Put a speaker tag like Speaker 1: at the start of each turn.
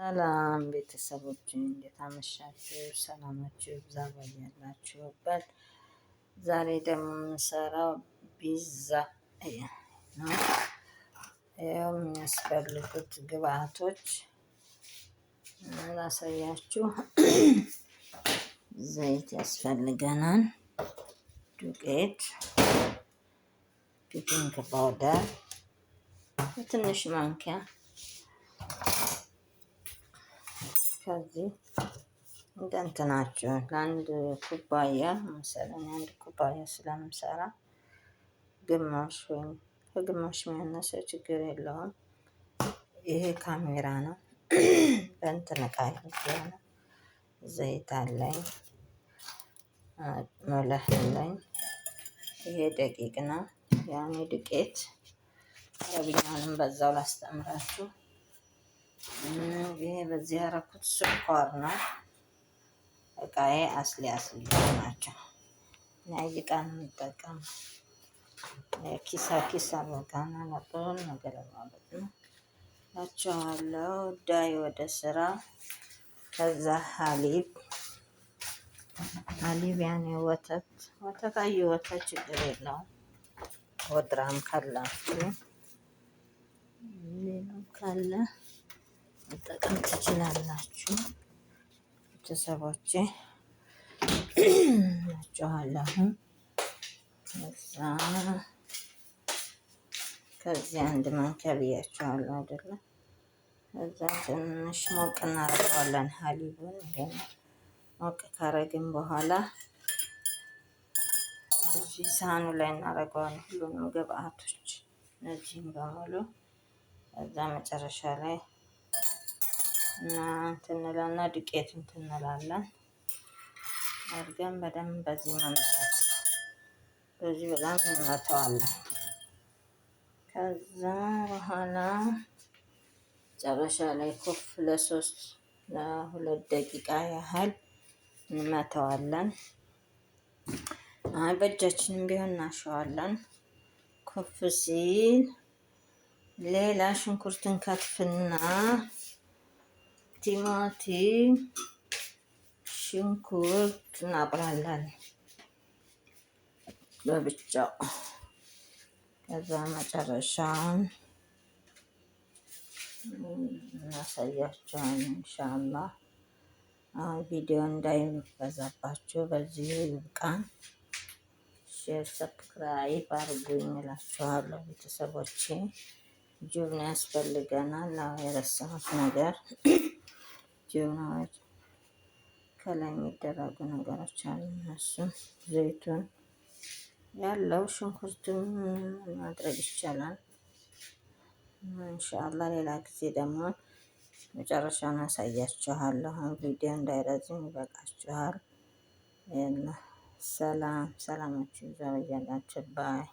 Speaker 1: ሰላም ቤተሰቦች እንዴት አመሻችሁ? ሰላማችሁ ይብዛ ባላችሁበት። ዛሬ ደግሞ የምንሰራው ቢዛ ነው። የሚያስፈልጉት ግብአቶች ላሳያችሁ። ዘይት ያስፈልገናል፣ ዱቄት፣ ቤኪንግ ፓውደር በትንሽ ማንኪያ ከዚህ እንደንትናችሁ ለአንድ ኩባያ መሰለኝ አንድ ኩባያ ስለምሰራ ግማሽ ወይም ከግማሽ የሚያነሰ ችግር የለውም። ይሄ ካሜራ ነው። በእንትን ዕቃ የሆነ ዘይት አለኝ መለህ አለኝ። ይሄ ደቂቅ ነው። ያኔ ዱቄት አረብኛውንም በዛው ላስተምራችሁ። ይሄ በዚህ ያደረኩት ስኳር ነው። እቃዬ አስሊ አስሊ ናቸው። ናይ የሚጠቀም ኪሳ ኪሳ በቃና መጠን ነገር ማለት ነው ናቸዋለው። ዳይ ወደ ስራ ከዛ ሀሊብ ሀሊብ ያኔ ወተት ወተት አየ ወተት ችግር የለውም። ወድራም ካላችሁ ሌላም ካለ መጠቀም ትችላላችሁ። ቤተሰቦቼ ናችኋለሁ። እዛ ከዚህ አንድ ማንኪያ ብያችኋለሁ አይደለ? እዛ ትንሽ ሞቅ እናደርገዋለን። ሀሊቡን ይሄን ሞቅ ካረግን በኋላ እዚህ ሳህኑ ላይ እናደርገዋለን። ሁሉንም ግብአቶች እነዚህም በሙሉ እዛ መጨረሻ ላይ እና እንትንላልና ዱቄት ትንላለን። አድርገን በደንብ በዚህ መምታት በዚህ በጣም እንመተዋለን። ከዛ በኋላ መጨረሻ ላይ ኮፍ ለሶስት ለሁለት ደቂቃ ያህል እንመተዋለን። አይ በእጃችንም ቢሆን እናሸዋለን። ኮፍ ሲል ሌላ ሽንኩርትን ከትፍና ቲማቲም፣ ሽንኩርት እናቁላለን በብቻው። ከዛ መጨረሻውን እናሳያቸውን እንሻላ። ቪዲዮ እንዳይበዛባችሁ በዚሁ ይብቃን። ሼር፣ ሰብስክራይብ አድርጉኝ እላችኋለሁ ቤተሰቦቼ። ጆብን ያስፈልገናል። የረሳሁት ነገር ጀበናዎች ከላይ የሚደረጉ ነገሮች አሉ። እነሱም ዘይቱን ያለው ሽንኩርቱን ማድረግ ይቻላል። እንሻላ ሌላ ጊዜ ደግሞ መጨረሻውን አሳያችኋለሁ። ቪዲዮ እንዳይረዝም ይበቃችኋል። ሰላም ሰላማችሁ እያላችሁ ባይ